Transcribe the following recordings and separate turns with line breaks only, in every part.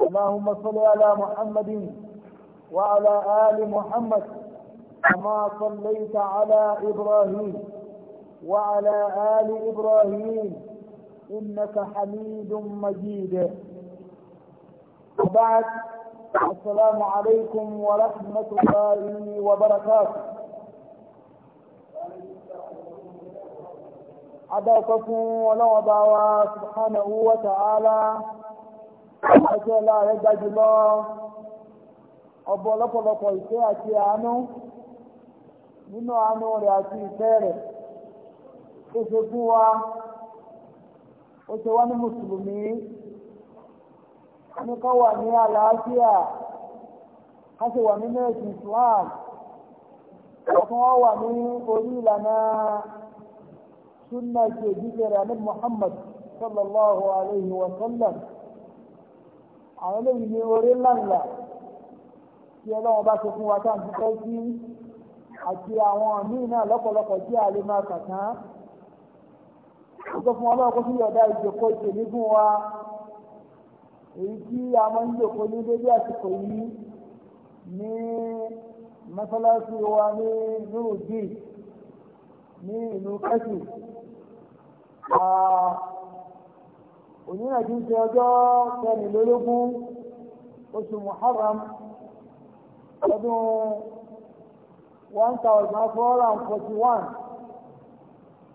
اللهم صل على محمد وعلى آل محمد كما صليت على إبراهيم وعلى آل إبراهيم إنك حميد مجيد وبعد السلام عليكم ورحمة الله وبركاته عدا ولو ولو سبحانه وتعالى ọjọ́ ọlá rẹ̀ gbájú lọ ọbọ̀ lọ́pọ̀lọpọ̀ ìfẹ́ àti àánú nínú àánú rẹ̀ àti ìfẹ́ rẹ̀ tó ṣe fún wa ó ṣe wá ní mùsùlùmí ní ká wà ní àlàáfíà ká sì wà nínú ẹ̀sìn Islam ọkàn wa wà ní orí ìlànà súnà ìṣèjì rẹ̀ ní Muhammad sallallahu alayhi wa sallam àwọn eléyìí ní orí ńláńlá tí ọlọ́wọ́n bá ṣe fún wa tá à ń dúpẹ́ sí àti àwọn míì náà lọ́pọ̀lọpọ̀ tí a lè máa kàtán ó sọ fún ọlọ́wọ́ kó sílẹ̀ ọ̀dà ìjòkó ìtèmí wa èyí tí a máa ń jòkó ní dédé àsìkò yìí ní mọ́sálásí wa ní nurudeen ní ìlú kẹ́sì onírànjú ṣe ọjọ́ kẹrìnlélógún oṣù muharram ọdún one thousand four hundred and forty one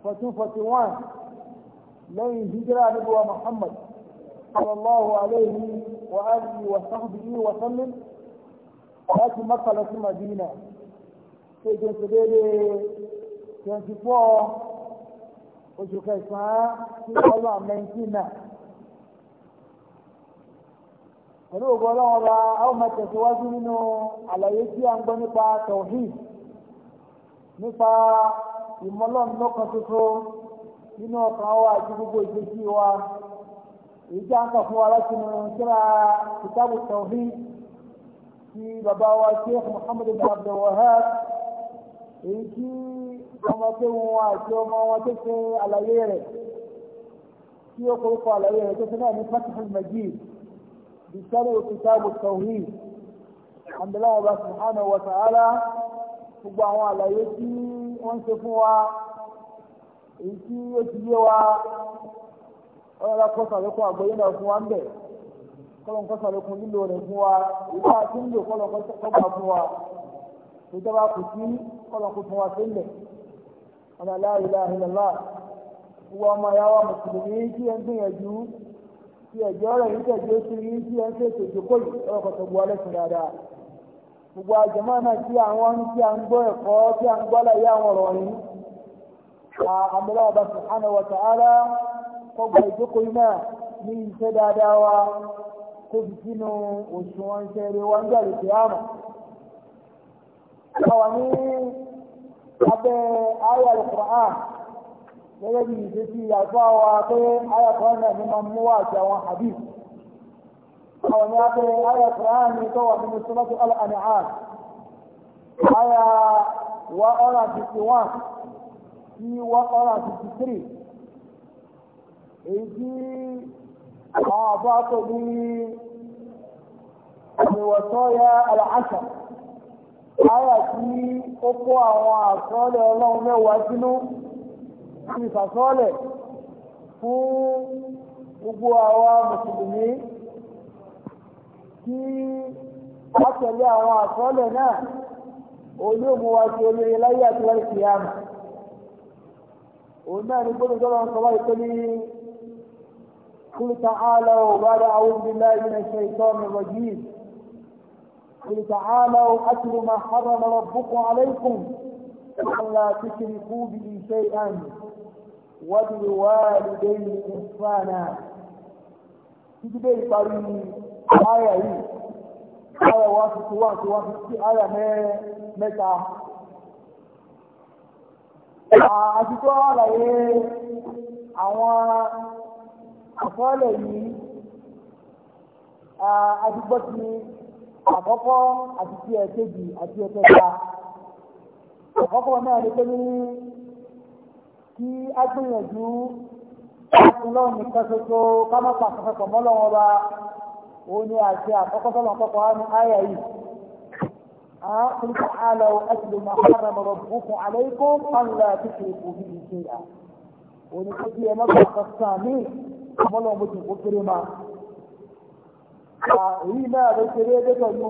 fourteen forty one lẹ́yìn hijira níbuwa muhammad sallallahu alayhi wa alihi wa sahbihi wa sallim láti Makka lọ sí madina ṣe ìjọsìn déédéé twenty four oṣù kẹsàn-án two thousand and nineteen náà pẹ̀lú ògbọ́ ọlọ́wọ́ bá a ó máa tẹ̀síwájú nínú àlàyé tí a ń gbọ́ nípa tawhid nípa ìmọ̀lọ́run lọ́kan ṣoṣo nínú ọkàn wa àti gbogbo ìgbésí wa èyí tí a ń kà fún wa láti nù síra kitabu tawhid ti bàbá wa sheikh muhammad ibn abdul wahab èyí tí ọmọ tó wọn wa àti ọmọ wọn tó ṣe àlàyé rẹ̀ tí ó kórúkọ àlàyé rẹ̀ tó ṣe náà ní fatihul majid ìsọ́nà kitabu tawhid àbẹ̀lẹ́ ọba subhanahu wa ta'ala gbogbo àwọn àlàyé tí wọ́n ṣe fún wa èyí tí ó ti yé wa ọlọ́lá kọ́sàlẹ́kùn àgbọ́yé náà fún wa ń bẹ̀ kọ́lọ̀n kọ́sàlẹ́kùn lílo rẹ̀ fún wa ìgbà tí ń lò kọ́lọ̀n kọ́sàlẹ́kùn fún wa ìjọba kò sí kọ́lọ̀n kò fún wa sí ilẹ̀ ọ̀nà la ilaha illallah gbogbo ọmọ ìyá wa mùsùlùmí kí ẹ gbìyànjú tí ẹ̀jẹ̀ ọ̀rọ̀ yìí tẹ̀jú ó ti rí tí ẹ̀ ń ṣètò ìjókòó yìí ọ̀rọ̀ kan tó bu ọlẹ́sìn dáadáa. gbogbo àjọmọ́ náà tí àwọn ń tí à ń gbọ́ ẹ̀kọ́ tí à ń gbọ́ láyé àwọn ọ̀rọ̀ yìí. àmọ́lá ọba subhanahu wa ta'ala kọgbà ìjókòó yìí náà ní iṣẹ́ dáadáa wa kó fi sínú òṣùwọ̀n iṣẹ́ rẹ̀ wá ń gbàlè sí àmọ́. àwa ní abẹ́ gẹ́gẹ́ bí ìṣesí àgbà wa pé ayọ̀kùnrin náà ní mú àwọn àwọn ni a pé ayọ̀kùnrin ní tó wà nínú sọ́lọ́tù al-an'am aya wa 51 sí wa ọ̀rà 53 èyí tí àwọn àbá tó ní àmìwọ̀sọ́yà al-ashr aya tí ó kó àwọn àkọọ́lẹ̀ ọlọ́run mẹ́wàá sínú ti sàkọọ́lẹ̀ fún gbogbo àwa mùsùlùmí kí a tẹ̀lé àwọn àkọọ́lẹ̀ náà olóòmù wa ti olóye láyé àti láyé kìíyàmù òun náà ni gbọ́dọ̀ tó lọ́wọ́ sọ́wọ́ ìpé ní قل تعالوا بعد أعوذ بالله من الشيطان الرجيم قل تعالوا أتل ما حرم ربكم عليكم ألا تشركوا به شيئا وبالوالدين إحسانا títí dé ìparí ààyè yìí ààyè wa fi tí wà tí wà fi tí ààyè mẹ́ta àtìkọ́ àlàyé àwọn àkọọ́lẹ̀ yìí àtìgbọ́ ti àkọ́kọ́ àti ti ẹ̀kejì àti ẹ̀kẹta àkọ́kọ́ náà ni pé ní kí á gbìyànjú láti lọ́wọ́ nìkan ṣoṣo ká má pa àkọ́kọ́ mọ́ lọ́wọ́ wa òun ni àti àkọ́kọ́ tó lọ́wọ́ kọ́kọ́ wá ní àyà yìí. قل تعالوا أتل ما حرم ربكم عليكم أن لا تشركوا به شيئا ونقول يا مبلغ الثاني ọmọlọ mo ti kó kéré máa èyí náà ló ṣeré dé pẹ̀lú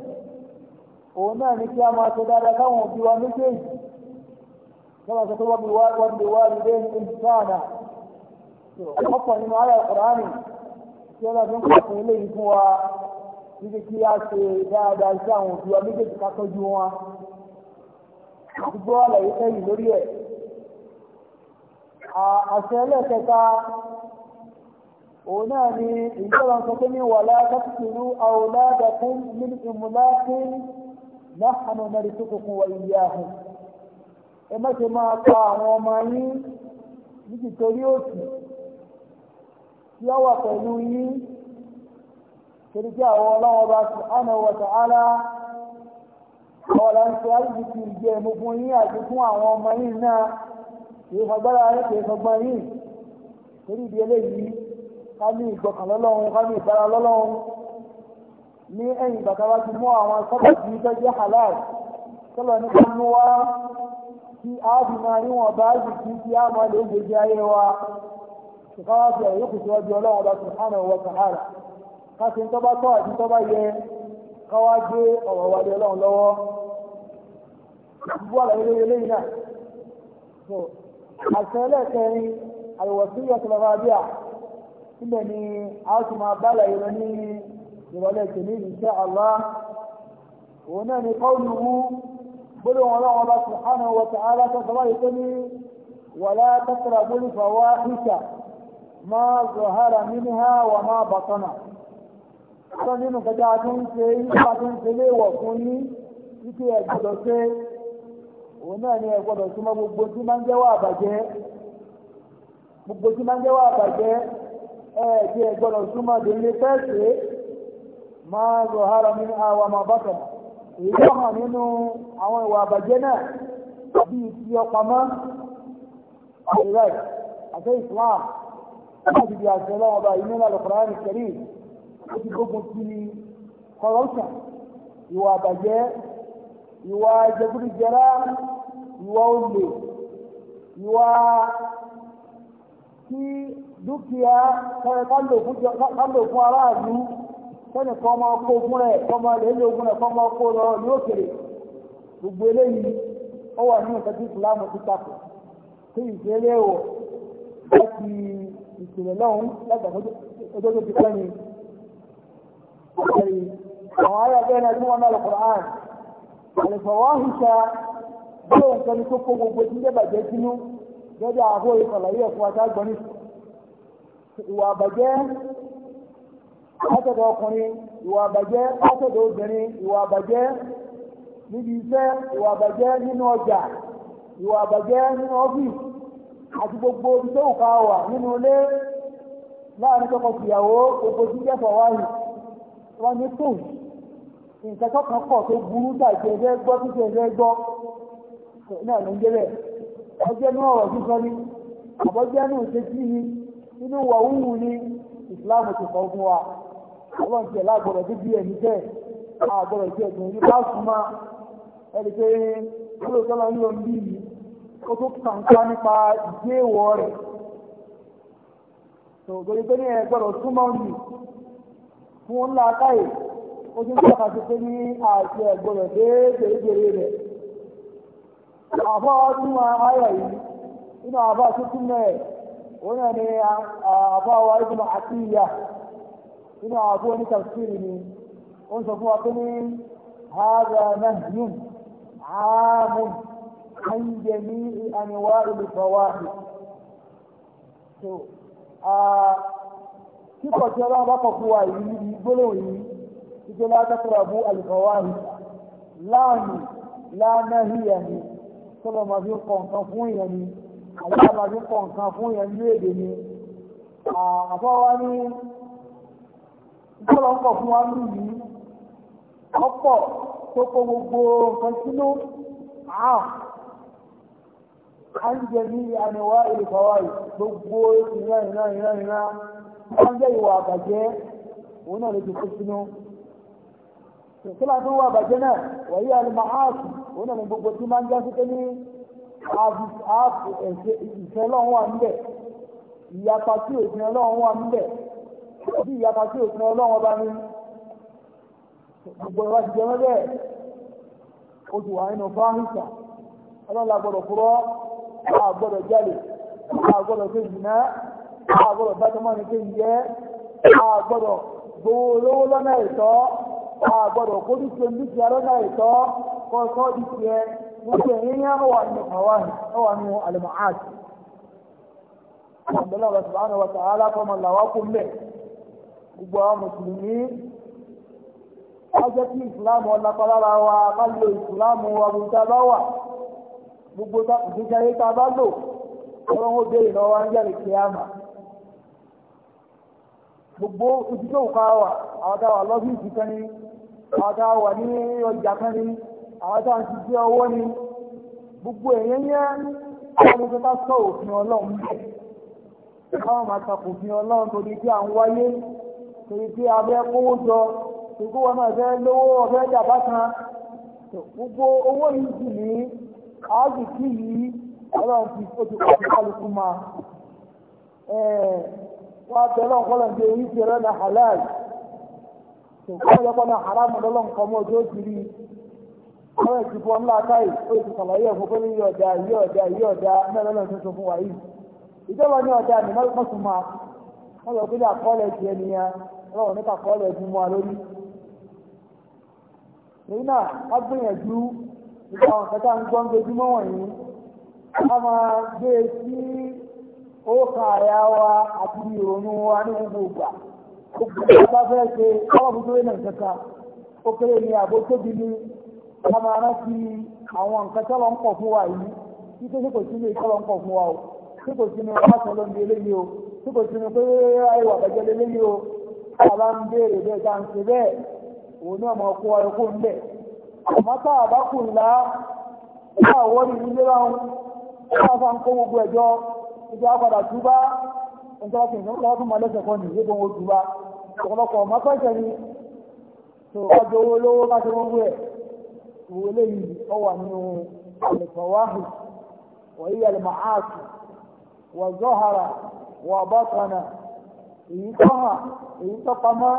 òun náà ní kí a máa ṣe dáadáa káwọn òbí wa méjèèjì kọ́nà sọ pé wọ́n bí wá wọ́n bí wá lè ní ìsáàdà ọ̀pọ̀ nínú ayé ọ̀kùnránì tí wọ́n fi ń pàṣẹ eléyìí fún wa níbi kí a ṣe dáadáa sí àwọn òbí wa méjèèjì ká tọ́jú wọn àdúgbò àlàyé sẹ́yìn lórí ẹ̀ àṣẹ ẹlẹ́kẹta òun náà ni ìjọba sọ pé ní wàlá kásìkìlú àwòlá dàkún nínú ìmúlá fún نحن نرثكم وإياهم ẹ má ṣe máa pa àwọn ọmọ yín nítorí òsì tí ó wà pẹ̀lú yín torí pé àwọn ọlọ́wọ́ bá subhanahu wa ta'ala ọ̀la ń ṣe àìsíkì ìjẹ́ ẹ̀mú yín àti fún àwọn ọmọ yín náà kìí fagbára rẹ̀ kìí fagbọ́n yín torí ìdí eléyìí ká ní ká ní ìbára ní ẹ̀yìn bàtà wá ti mú àwọn jẹ́ halal ní a fi máa rí wọn bá sì kí tí a máa lè gbèjì ayé wa ṣùgbọ́n wá fi ẹ̀yìn kùsùn ọjọ́ ọlọ́run bá subhanahu wa ta'ala ká ti ń tọ́ tọ́ àti yẹ ká wá gbé ọ̀rọ̀ wa lé ọlọ́run lọ́wọ́ gbogbo àlàyé lórí eléyìí náà so ìrọ̀lẹ́ tèmi insha Allah òun náà ni qawluhu gbọ́dọ̀ wọn lọ́wọ́ bá subhanahu wa ta'ala tó sọ báyìí tó ní wala taqrabul fawahisha ma zahara minha wa ma batana tó nínú kẹta tó ń ṣe nípa tó ń ṣe léèwọ̀ fún ní títí ẹ̀ gbọ́dọ̀ ṣe òun náà ni ẹ gbọ́dọ̀ súnmọ́ gbogbo tí máa ń jẹ́wọ́ àbàjẹ́ gbogbo tí máa ń jẹ́wọ́ àbàjẹ́ ẹ gbọ́dọ̀ súnmọ́ délé fẹ́ẹ́ ṣe é máa zọ̀hárà nínú àwọn ọmọ bàtà èyí tó hàn nínú àwọn ìwà àbàjẹ́ náà bí ti ọpamọ́ àìrẹ́ àti Islam láti di àṣẹ lọ́wọ́ ọba ìlú náà lọ́kùnrin àrùn kẹrí ó ti gbógun ti corruption ìwà àbàjẹ́ ìwà jẹgúdújẹrá ìwà olè ìwà kí dúkìá kálò fún aráàlú kẹ́nì kan máa kó fún rẹ̀ kọ́ máa lè lé ogun rẹ̀ kọ́ máa kó lọ ní òkèrè gbogbo eléyìí ó wà ní ìtọ́jú ìsìláàmù ti tako tí ìṣeré o láti ìṣẹ̀lẹ̀ lọ́hùn láti ọjọ́ tó ti pẹ́ ni àwọn ará bẹ́ẹ̀ náà tí wọ́n náà lọ́kọ̀ọ́ àrùn àlùfọ̀wáhùṣà bí òun kan ní tó kó gbogbo tí jẹ́ bàjẹ́ sínú gẹ́gẹ́ àhó ìfọ̀làyé ẹ̀fọ́ àtàgbọ́nì ìwà látọ̀dọ̀ ọkùnrin ìwà àbàjẹ́ látọ̀dọ̀ obìnrin ìwà àbàjẹ́ níbi iṣẹ́ ìwà ọjà ìwà àbàjẹ́ nínú ọ́fíìsì àti gbogbo iṣẹ́ òkà wà ninu ilé láàrin tọkọ tìyàwó gbogbo jíjẹ́ fọwáyì wọn ní tó nǹkan tọkàn pọ̀ tó burú tàbí ẹgbẹ́ gbọ́ títí ẹgbẹ́ ni ọlọ́run tiẹ̀ lágbọ̀dọ̀ tó bí ẹ̀mí jẹ́ àgbọ̀dọ̀ tiẹ̀ gbìn yí bá súnmọ́ ẹni pé kúrò tọ́lá ń lò ń bí yìí ó tó kàǹkà nípa ìdí èèwọ̀ rẹ̀ tòògbèrè pé ní ẹ gbọ́dọ̀ súnmọ́ ní fún wọn ńlá káyè ó ti ń tọ́ka sí pé ní àti ẹ̀gbọ́dọ̀ dé gbèrègbèrè rẹ̀ àfọ́ nínú ayọ̀ yìí nínú àbá tuntun náà òun náà ni àfọ́ wa ibùdó àti ìyá nínú àwọn àbúrò ní tafsiri ni ó ń sọ fún wa pé ní hàrà nahyun ààmù àǹjẹ ní àníwá ìlú fọwáhì so kíkọ̀ tí ọlọ́run bá kọ̀ fún wa yìí ní gbólóhùn yìí títí látàkùrọ̀ bú àlùfọwáhì láàmì lánàhíyà ni tọ́lọ̀ máa fi ń nǹkan fún ìyẹn ni àwọn máa fi ń nǹkan fún ìyẹn ní èdè ni àfọwá ní bọ́lọ̀ ń kọ̀ fún wa ní gbogbo nǹkan sínú àá àǹjẹ ní gbogbo ìrìnà ìrìnà ìrìnà ìrìnà ìwà òun náà lè ti kó sínú ìṣẹ́lá tó wà náà òun náà gbogbo tí máa bí ìyapa sí òfin ọlọ́run ọba ní gbogbo ìwà ti jẹmọ́ bẹ́ẹ̀ ó ti wà nínú fáhìsà ọlọ́run àgbọ̀dọ̀ fúrọ́ àgbọ̀dọ̀ jalè àgbọ̀dọ̀ tó jìnà àgbọ̀dọ̀ bájọmọ́ ní kéyìn jẹ́ àgbọ̀dọ̀ gbowó olówó lọ́nà ìtọ́ àgbọ̀dọ̀ kó ní ṣe ní ṣe lọ́nà ìtọ́ kọ́kọ́ di ti ẹ gbogbo ẹ̀yìn ní àwọn wà nínú àwáhì ọwà nínú àlùmọ́ àti àgbẹ̀lọ́wọ̀ sùbhánà wa ta'ala kọ́mọ làwákùn gbogbo àwọn mùsùlùmí wáṣẹ́ kí ìsìláàmù ọlápalára wa ká lo ìsìláàmù ọ̀bùnta bá wà gbogbo ìgbésí ayé tá a bá lò ọlọ́run ó béèrè lọ́wọ́ ń kí gbogbo wà àwọn tá wà ọjà kan àwọn tá gbogbo èèyàn yẹn àwọn sọ òfin ọlọ́run káwọn máa takò òfin torí pé abẹ́ kówó jọ torí kó wọn náà fẹ́ lówó ọ̀fẹ́ jàbá kan gbogbo owó yìí sì ní kí yìí ọlọ́run ti na halal kọ́ na haram ọlọ́run ní kàkọ́ọ̀lẹ̀ ẹ̀dùn mọ́ lórí èyí náà á gbìyànjú nípa àwọn kẹta ń gbọ́n gbojúmọ́ wọ̀nyí a máa gbé e sí ókà àyà wa àti ìrònú wa ní gbogbo ìgbà gbogbo bá fẹ́ ṣe ọlọ́run náà kẹta ó kéré ní àbó tóbi ní a máa rántí àwọn nǹkan ń pọ̀ fún wa yìí kò sí ní ń pọ̀ fún wa o kò sí ní ń di eléyìí o kò sí tá a bá ń béèrè bẹ́ẹ̀ tá à ń ṣe bẹ́ẹ̀ òun náà mọ̀ a bá kù ńlá ẹ̀ka àwọ̀ ní ilé bá ń kó bá ń kó gbogbo ẹ̀jọ́ ibi àpàdà túbá nítorí kí èyí tó hàn èyí tó pamọ́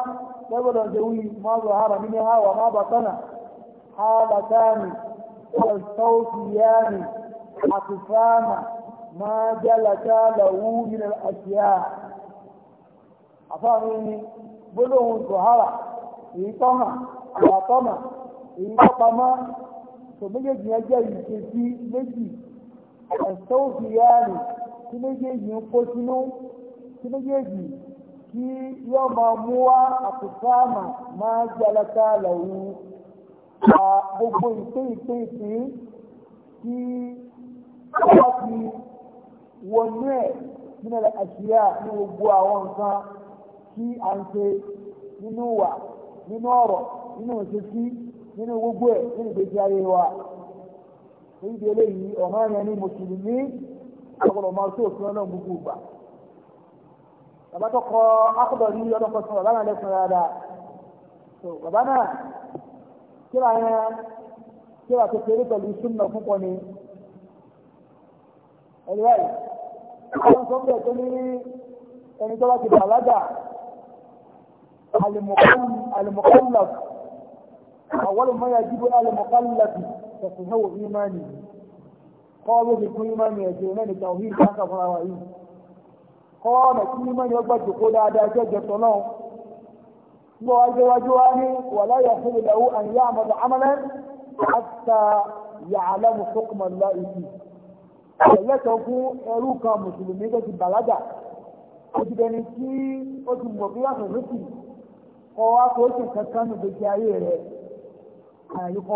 lẹ́gbọ̀dọ̀ ṣe wí máa bọ̀ hàrà nínú hàwà máa bà tánà hàbà táàmì ọ̀sọ́ọ̀sìyàmì àtìfáàmà máa jálàtà lọ́wọ́ nínú àṣìyà àfáàmì ni gbólóhùn sọ̀hárà èyí tó hàn àwàtọ́mà èyí tó pamọ́ tó méjèèjì yẹn jẹ́ ìṣesí méjì ẹ̀sọ́ọ̀sìyàmì tí méjèèjì ń kó sínú tí méjèèjì tí yóò máa mú wá àkùsáàmà máa gbalata lẹ́wù a gbogbo ìpín ìpín ìpín tí wọ́n ti wọnú ẹ̀ nínú àṣìyá ní gbogbo àwọn nǹkan tí a ń ṣe nínú wà nínú ọ̀rọ̀ nínú ìṣesí nínú gbogbo ẹ̀ nínú ìgbésí ayé wa. Èyí di eléyìí ọ̀nà yẹn ní Mùsùlùmí, ọ̀pọ̀lọpọ̀ máa tó òfin ọlọ́run gbogbo ìgbà bàbá tó kọ akọ̀dọ̀ ní ọdún kan sọ bàbá náà lẹ́sùn dáadáa so bàbá náà kíra yẹn kíra tó ṣeré pẹ̀lú súnmọ̀ púpọ̀ ni ẹ̀rọ ẹ̀ àwọn sọ bẹ́ẹ̀ tó ní ẹni tó bá ti bàlágà alimokallaf àwọn ọmọ yà jíbu alimokallaf tẹ̀sùn hẹ́wò ìmánì kọ́ bó ti kún ìmánì ẹ̀jẹ̀ náà ní tàwọn ìlú kọ́ ọ̀nà tí mímọ́ ni ó gbà jòkó dáadáa jẹ́jẹ́ tọ́lọ́ gbọ́ wájúwájú wá ní wàlá yà fún na àn àmọ́dọ̀ amọ́lẹ́ àtà yà àlẹ́mù lọ ìsì ẹ̀lẹ́tọ̀ fún ẹrú kan mùsùlùmí tó ti bàlágà ó ti dẹni tí ó ti mọ̀ bí yàtọ̀ lókì kọ́ wá kó sì kankan nù gbèsè ayé rẹ̀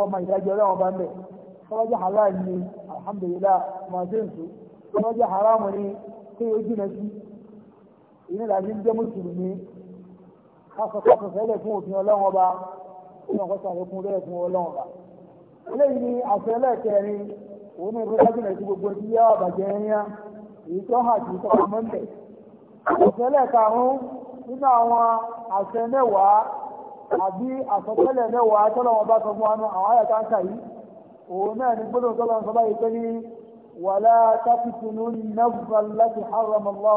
ọmọ ìdájọ́ bá ń bẹ̀ halal ni haram ni kí ó ìyẹn làbí ń jẹ́ mùsùlùmí káfọ́káfọ́ fẹ́lẹ̀ fún òfin ọlọ́run ọba fún ọkọ̀sọ̀ àlékún rẹ̀ fún ọlọ́run ọba. eléyìí ni àṣẹ ẹlẹ́ẹ̀kẹrin òun ní ìfẹ́ sájú nàìjíríà gbogbo tí yá àbàjẹ́ ẹ̀yà èyí tó hàn sí tọ́ka mọ́ńdẹ̀. àṣẹ ẹlẹ́ẹ̀karùn-ún nínú àwọn àṣẹ mẹ́wàá àbí àsọtẹ́lẹ̀ mẹ́wàá tọ́lọ́wọ́n bá sọ fún àwọn àyàká ń kà yìí òun náà ní gbọ́dọ̀ tọ́lọ́wọ́n sọ báyìí pé ní wàlá tákìtì ní nàbàlá ti hàrọ̀mọ́lá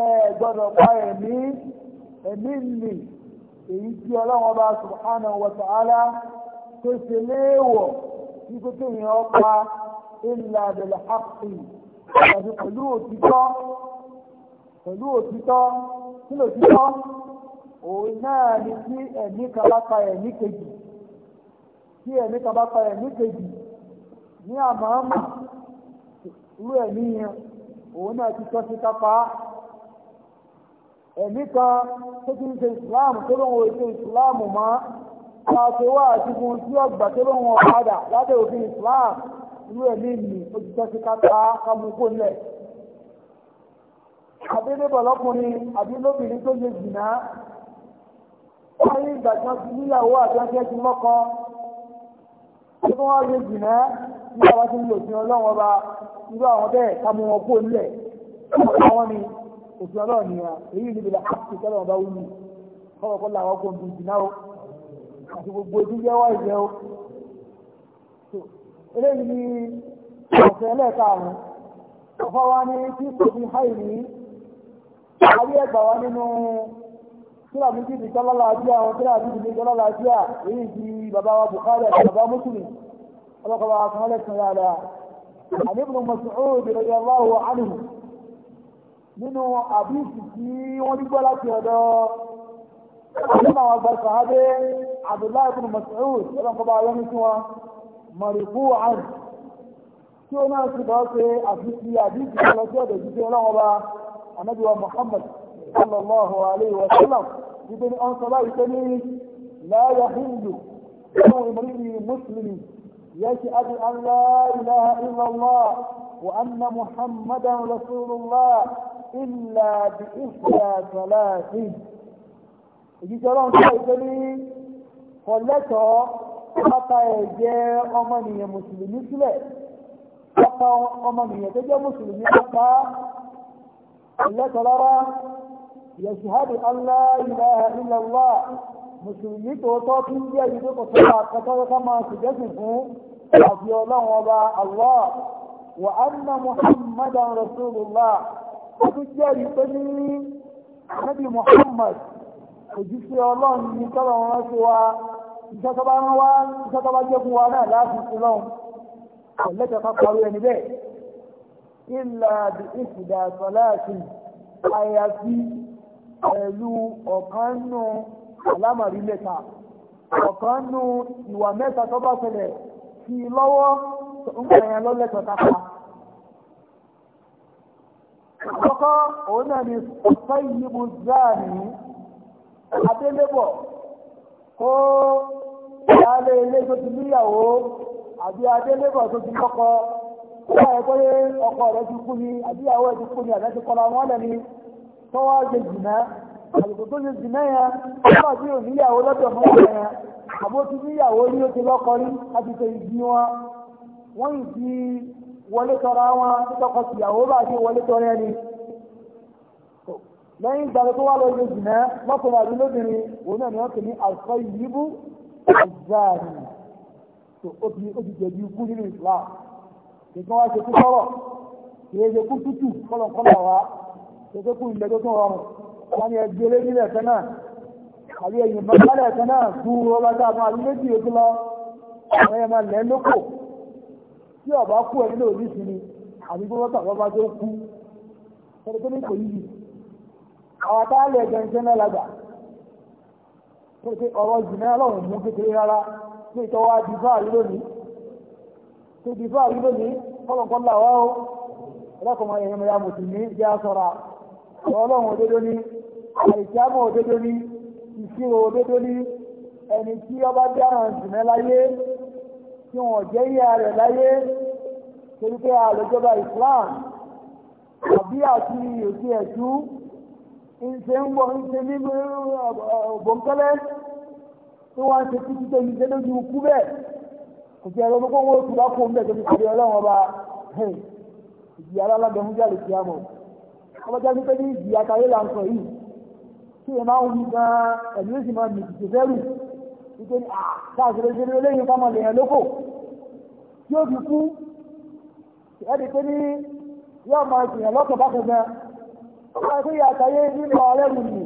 ẹ gbọ́dọ̀ pa ẹ̀mí ẹ̀mí nì èyí tí ọlọ́run ọba subhanahu wa ta'ala tó ṣe léèwọ̀ tí kò tó yẹn ọpa illa bil haqqi tàbí pẹ̀lú òtítọ́ pẹ̀lú òtítọ́ kí lòtítọ́ òun náà ni tí ẹ̀mí kan bá pa ẹ̀mí kejì tí ẹ̀mí kan bá pa ẹ̀mí kejì ní àmọ́ àmọ́ irú ẹ̀mí yẹn òun náà ti tọ́ sí kápá ẹ̀mí kan tó ti ń ṣe ìsìláàmù tó lóun ò ṣe ìsìláàmù mọ́ káàkiri wà àti fún tí ọgbà tó lóun ò padà lábẹ́ òfin ìsìláàmù irú ẹ̀mí mi ó ti tọ́ sí kápá kámúkó lẹ̀. àbílẹ̀bọ̀ lọ́kùnrin àbí lóbìnrin tó lè jìnnà wáyé ìgbà tí wọ́n ti níyàwó àti wọ́n ti ẹ́ ti mọ́kọ tí wọ́n lè jìnnà nígbà wọ́n ti ń lò sí ọlọ́wọ́n ọba irú àwọn bẹ́ẹ̀ kámú wọn kó lẹ̀ àwọn ni òfin ọlọ́run ni wa èyí ni bìlà áàpù tọ́lọ̀ ọba wù mí kọ́wọ́ kọ́ làwọn kò bí ìdìnnà o àti gbogbo ojú yẹ́wọ́ ìjẹ́ o. eléyìí ni ọ̀sẹ̀ ẹlẹ́ẹ̀kaàrún ọ̀fọ́ wa ní tí kò fi háì ní ayé ẹgbà wa nínú tíra méjì ní tọ́lọ́lá àjíà àwọn tíra méjì ní tọ́lọ́lá àjíà èyí ti bàbá wa Bukhari àti bàbá Muslim ọlọ́kọ̀ wa kan lẹ́sìn dáadáa. àdébùn Mas'ud radiyallahu nínú àbíìsì tí wọ́n ní gbọ́ láti ọ̀dọ̀ àwọn àwọn àgbà sàádé Abdullahi ibn Mas'ud ọlọ́nkọba ayọ́mí tí wọ́n mọ̀rìkú àn tí ó náà sì bọ́ pé àbíìsì àbíìsì ọlọ́jọ́ ọ̀dọ̀ jíjẹ ọlọ́wọ́ba Ànábì wa Muhammad sallallahu alayhi wa sallam jíjẹ ní ọ̀n sọ́lá ìpé ní láyà hindu ẹ̀wọ̀n ìmọ̀lẹ́ni mùsùlùmí yẹ́sì adì an la ilaha illallah wa anna Muhammadan rasulullah ìlà bí ìfìlà sàlàsì ìjíṣẹ́ ọlọ́run tó ìpé ní kọ̀lẹ́tọ̀ pátá ẹ̀jẹ̀ ọmọnìyàn mùsùlùmí sílẹ̀ pátá ọmọnìyàn tó jẹ́ mùsùlùmí pátá kọ̀lẹ́tọ̀ rárá yashhadu an la ilaha illallah mùsùlùmí tòótọ́ tí ń jẹ́ ìdí kò sọ́ra àkọ́tọ́rọ́ ká máa sì jẹ́sìn fún àti ọlọ́run ọba allah wa anna muhammadan rasulullah ọdún jẹ́rìí pé ní ànábì Muhammad òjíṣẹ́ ọlọ́run ní tọ́lọ̀ wọn ṣe wa iṣẹ́ tó bá ń wá iṣẹ́ tó bá jẹ́ fún wa náà láti fi lọ́hùn ọ̀lẹ́tẹ̀ ká parí ẹni bẹ́ẹ̀ ìlà bí ìfìdà sọláàtì àyàfi pẹ̀lú ọ̀kan nù àlámàrí mẹ́ta ọ̀kan nù ìwà mẹ́ta tó bá ṣẹlẹ̀ fi lọ́wọ́ ń gbẹ̀yàn lọ́lẹ́tọ̀ ká pa àkọ́kọ́ òun náà ni ọ̀pẹ́ ìyíbu záàní adélébọ̀ kó ìyáálé ilé tó ti níyàwó àbí adélébọ̀ tó ti lọ́kọ wọ́n ẹ̀ pé ọkọ rẹ̀ ti kú ni àbí ìyàwó ẹ̀ ti kú ni àbẹ́ ti kọ́ra wọn lẹ́ni tó wá ṣe jìnnà àlùkò tó ṣe jìnnà yẹn wọ́n àti ò níyàwó lọ́dọ̀ mọ́ ọ̀rẹ́ yẹn àbó ti níyàwó ní ó ti lọ́kọ rí láti ṣe ìdí wọn wọ́n ì wọlé tọrọ àwọn títọkọ tìyàwó bá ṣe wọlé tọrọ ẹni lẹ́yìn ìgbàlẹ̀ tó wà lọ ilé jìnà lọ́kùnrin àbí lóbìnrin òun náà ni wọ́n pè ní àṣọ ìyíbú ìzáàrí tó obì obì jẹ̀bi ikú nínú Islam nǹkan wá ṣe kú sọ́rọ̀ kìí ṣe kú tútù kọ́lọ̀kọ́lọ̀ wa ṣe pé kú ilẹ̀ tó tún rọrùn wọn ni ẹgbẹ́ lé nílẹ̀ ẹ̀fẹ́ náà àbí ẹ̀yìn mọ́tálẹ̀ ẹ̀fẹ́ náà fún ọlọ́dà àwọn àbí méjì ètò lọ àwọn ẹ̀mọ lẹ́ lóko tí ọba kú ẹni náà ní sinmi àbí bí wọ́n tà wọ́n bá tó kú ẹni tó ní kò yí àwọn tá a lè jẹ iṣẹ́ náà lágbà pé ọ̀rọ̀ jìnnà ọlọ́run mú kékeré rárá pé ìtọ́wọ́ á di fáàrí lónìí tó di fáàrí lónìí kọ́lọ̀kọ́ làwá ó ọlọ́kọ̀mọ ẹ̀yẹmọ ya mùsùlùmí jẹ́ àṣọra ọlọ́run òdodo ní àìsíámọ̀ òdodo ní ìṣirò òdodo ní ẹni tí ọba dáràn jìnnà láyé tí wọn jẹ́ yíya rẹ̀ láyé torí pé àlọ́jọba Islam àbí àti òsì ẹ̀jú ń ṣe ń bọ̀ ń ṣe nínú ọ̀bọ̀nkẹ́lẹ́ tí wọ́n ń ṣe títí tó yìí lójú ikú bẹ́ẹ̀ kò sí ẹ̀rọ gbogbo wọn oṣù lọ́kùn bẹ́ẹ̀ tó fi kàdé ọlọ́run ọba ìjìyà alábẹ́ fún jáde sí àmọ́ ọmọdé ní pé ní ìjìyà kayé là ń sọ yìí tí ìmáà ń wí gan ẹ̀mí ó sì máa mìtìtì fẹ́rù wípé ah, ní àtàṣẹ̀lẹ̀ ìṣẹ̀lẹ̀ olóyìn fọ́mọ lèèyàn lókò tí ó fi kú ẹ̀dì pé ní yóò mọ ìṣẹ̀yàn lọ́kọ̀ bá kẹfẹ́ ọ̀pọ̀ ẹgbẹ́ ìyá àtàyé nínú ọ̀rẹ́ mi nì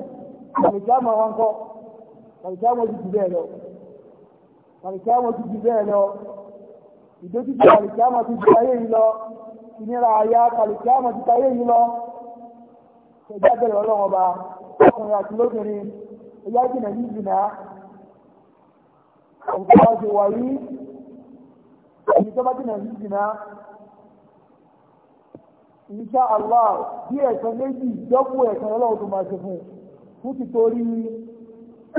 àmìjáàmọ̀ wọn kọ́ àmìjáàmọ̀ ti jù bẹ́ẹ̀ lọ àmìjáàmọ̀ ti jù bẹ́ẹ̀ lọ ìdójútì àmìjáàmọ̀ ti jù ayé yìí lọ ìnira àyà àmìjáàmọ̀ ti ayé yìí lọ ẹgbẹ́ bẹ̀rẹ̀ ọlọ́wọ́ ọkùnrin àti lóbìnrin ẹgbẹ́ jìnà ọ̀pọ̀ ṣe wà yí ẹni tó bá jìnà sí jìnà insha Allah bí ẹ̀sán méjì ìjọ́kù ẹ̀sán ọlọ́run tó máa ṣe fún fún ti torí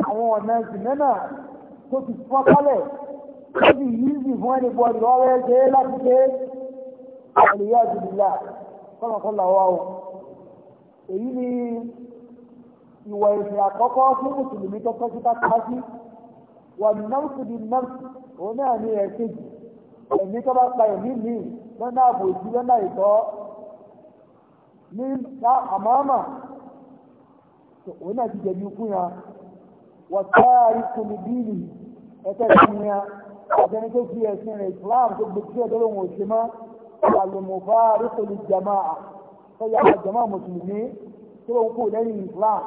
àwọn ọ̀nà ìsìnẹ́ náà tó ti fọ́n kálẹ̀ tó ti yí sí fún ẹni bọ́ ìlú ọwọ́ ẹgbẹ́ láti ṣe àlèyá ìdìbìlà kọ́nàkọ́nà wa o èyí ni ìwà ìsìn àkọ́kọ́ fún mùsùlùmí tó tọ́jú ká wà nọ́ọ̀sì di nọ́ọ̀sì òun náà ní ẹ̀ẹ́kejì ẹ̀mí tó bá pa ẹ̀mí míì lọ́nà àbòjì lọ́nà ìtọ́ ní àmọ́mà òun náà ti jẹ̀bi ikú yẹn wà táàrí kùnì bíìlì ẹ̀kẹ́ ìsinmi yẹn àtẹni tó fi ẹ̀sìn rẹ̀ Islam tó gbé tí ẹ̀dọ́ lóhun òṣè mọ́ àlùmọ̀fà àríkòlì jama'a tó yà á jama'a mùsùlùmí tó lóhun kù lẹ́yìn Islam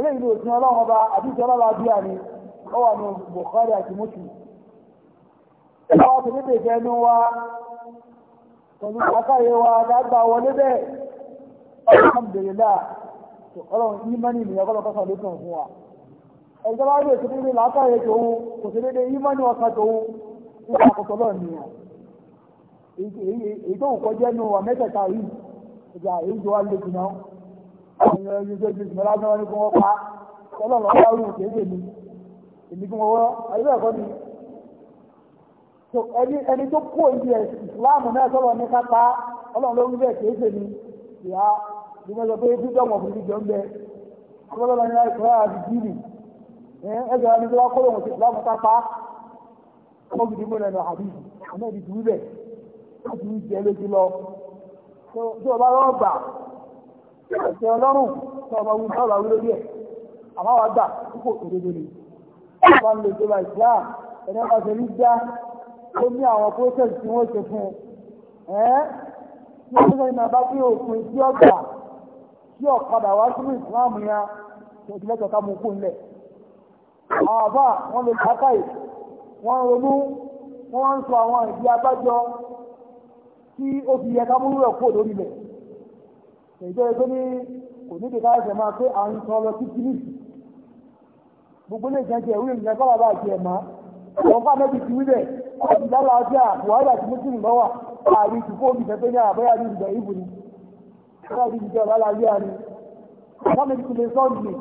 eléyìí ni òsìn ọlọ́run ọba àbíjọ́ ọlọ́run abíyá ni kọwa ní Bukhari àti Muslim ẹ̀kọ́ tó níbi ìfẹ́nu wa pẹ̀lú àkáyé wa dágbà wọlé bẹ́ẹ̀ alhamdulillah ọlọ́run mọ́nì fún wa tòun kò tòun àkọsọ èyí tó kọjá mẹ́tẹ̀ẹ̀ta yìí ìjà èyí tó wà àwọn èmi fún ọwọ́ ayébẹ̀ ẹ̀kọ́ ni ẹni tó kó ìdí ẹ̀ ìsìláàmù náà sọ̀rọ̀ ní kápá ọlọ́run ló ń bẹ̀ kìí ṣe ni ìyá bí wọ́n sọ pé freedom of religion bẹ ọlọ́run ní àìsàn àti jíìlì ẹgbẹ̀rún ẹni tó wá kó lòun sí ìsìláàmù kápá ọmọ gidi mọ́ lẹ́nu àbí ọmọ ìdí dùn bẹ̀ láti ń jẹ lójú lọ tí ọba lọ́wọ́ gbà ẹ̀sẹ̀ ọlọ́run tí ọba wí bá ń lo ìjọba islam ẹ̀rọ bá ṣe rí já ó ní àwọn process tí wọ́n ṣe fún ẹ́ tí wọ́n ṣe ìmọ̀ bá pé òfin tí ọgbà tí ọ̀kadà wá sínú islam yẹn tó ti lẹ́tọ̀ọ́ ká mú kó ńlẹ̀ àwọn àbá wọn lè kákàì wọn ronú wọn ń sọ àwọn ìdí abájọ tí ó fi yẹ ká mú rẹ̀ kó lórí rẹ̀ èyí tó yẹ kò ní kíkà ẹsẹ̀ máa pé à gbogbo lè jẹ́ ìwé ìrìnà kọ́ bàbá àti ẹ̀má àwọn bá mẹ́bí ti wílẹ̀ ọ̀dì lára ọjọ́ àbúhárà ti mẹ́sìn lọ́wà ààrí ti fóòmì tẹ́tẹ́ ní àbáyà ní ìgbà ìbò ni láti ìjọ lálá yé àrí wọ́n mẹ́bí ti lè sọ nìyí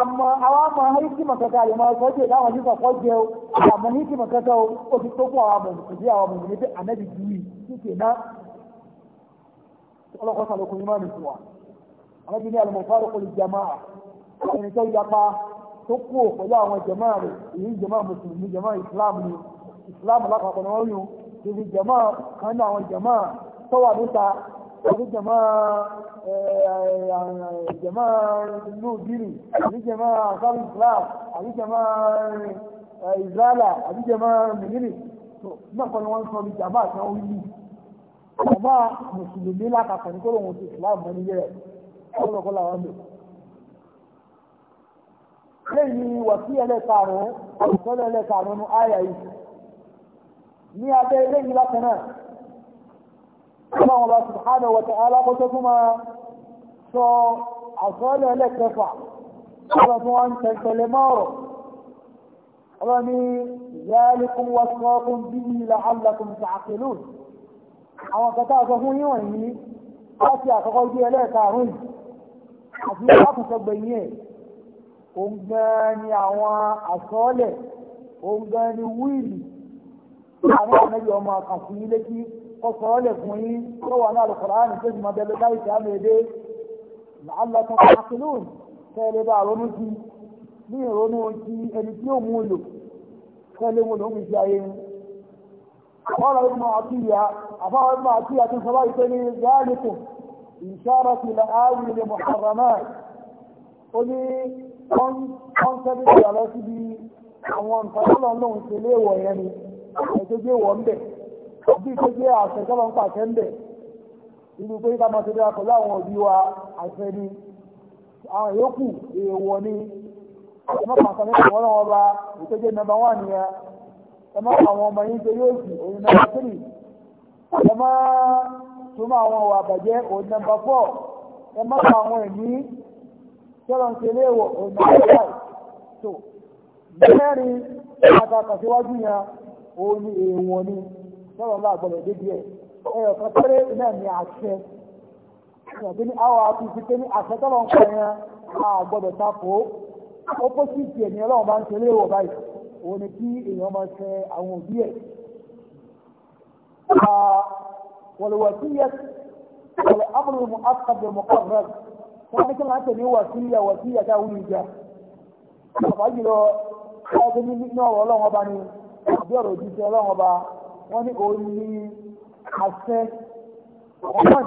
àmọ́ àwọn àmọ́ híkì mọ̀kẹ́ta rẹ̀ máa sọ́jọ́ ìdáwọn nípa kọ́ jẹ́ o àmọ́ híkì mọ̀kẹ́ta o ó ti tó kún àwọn àmọ̀ ìdí àwọn ọmọ ìdílé ànẹ́bí ju yìí títì ná ọlọ́kọ́ sàlùkù ní mọ́ nìkú wa ànẹ́bí ní àlùmọ̀fárùkù lè jẹ́ máa ẹni tó yapa tó kú pẹ̀lú àwọn jàmá rẹ̀ èyí jàmá mùsùlùmí jàmá ìsìláàmù ni ìsìláàmù lápapọ̀ ni wọ́n yùn ìbí jàmá kan ní àwọn jàmá tó wà níta ìbí jàmá eh, jàmá ìlú bírì ìbí jàmá àkàrí islam àbí jàmá ìzálà eh, àbí jàmá mìírì náà kọ́ ni wọ́n sọ bí jàmá àti àwọn yìí jàmá mùsùlùmí lápapọ̀ ní kó lóun ti ìsìláàmù ní yẹrẹ kó lọ́kọ́ làwọn bẹ̀rẹ̀ lẹ́yìn wọ̀sí ẹlẹ́karùn-ún àwùsọ́lẹ̀ ẹlẹ́karùn-ún àyà yìí ní abẹ́ eléyìí bákan náà ọlọ́run bá subhanahu wa ta'ala kó tó túnmọ̀ sọ àwùsọ́lẹ̀ ẹlẹ́kẹfà ọlọ́run tó wọ́n tẹ̀sẹ̀lẹ̀ mọ́rọ̀ ọlọ́run ní zalikum wasaqum bihi la'allakum ta'qilun àwọn kẹta sọ fún yíwọ̀n yìí láti àkọ́kọ́ bí ẹlẹ́karùn-ún àti lákùnkọ ẹ̀ òun gan ni àwọn àsọọ́lẹ̀ òun gan ni wíìlì àwọn àmẹ́bí ọmọ àkànfù yín létí kọ́ sọọ́lẹ̀ fún yín tó wà náà lọ́kọ̀ọ́ àrùn tó sì máa bẹ̀rẹ̀ láì sí àmì èdè làálọ́ tó kọ́ àkìlóòn kẹ́lẹ́ bá ronú sí ní ìrònú ti ẹni tí ó mú un lò kẹ́lẹ́ wọn ló ń fi ayé ń. قال ابن عطية أفاق ابن عطية صلاة تاني ذلك إشارة الآوي لمحرمات قلي wọ́n tẹ́lẹ̀ tí a lọ síbi àwọn ìfọ̀tọ́lọ̀ lóhun ṣe léèwọ̀ yẹn ni ẹ̀jẹ̀jẹ̀ wọ̀ ń bẹ̀ àbí tó jẹ́ àṣẹjọ́lọ̀ ń pàṣẹ ń bẹ̀ inú pé ká máa ṣe dára pẹ̀lú àwọn òbí wa àṣẹ ni àwọn yòókù èèwọ̀ ni ẹmọ pàṣẹ ní àwọn ọlọ́wọ́ bá ìtọ́jẹ́ nọ́mbà wà nìyẹn ẹmọ àwọn ọmọ yín ṣe yóò sì òun nọ́mbà tírì ẹmọ túmọ̀ àwọn ọ̀wà àbàjẹ́ òun nọ́mbà fọ́ ẹmọ àwọn ẹ̀mí tọ́lọ̀ ń ṣe léèwọ̀ ọ̀nà ìgbàláì tó mẹ́rin àtàkàṣíwájú yẹn òun ni èèwọ̀n ni tọ́lọ̀ ńlá àgbọ̀lọ̀ dé díẹ̀ ẹ̀yọ̀ kan péré náà ni àṣẹ ìgbàgbé ní àwọn àtúntí pé ní àṣẹ tọ́lọ̀ ń kọ́ yẹn àgbọ̀dọ̀ tako opposite ẹ̀ ni ọlọ́run bá ń ṣe léèwọ̀ báyìí òun ni kí èèyàn máa ṣe àwọn òbí ẹ̀ wọ̀lùwọ̀síyẹ wọ̀lù amúlùmù wọ́n ní kí wọ́n á tẹ̀lé wàsíyà wàsíyà táwọn ìjà bàbá jùlọ ẹgbẹ́ nínú ọ̀rọ̀ ọlọ́run ọba ni àbí ọ̀rọ̀ òjíṣẹ́ ọlọ́run ọba wọ́n ní òun ní àṣẹ ọ̀hún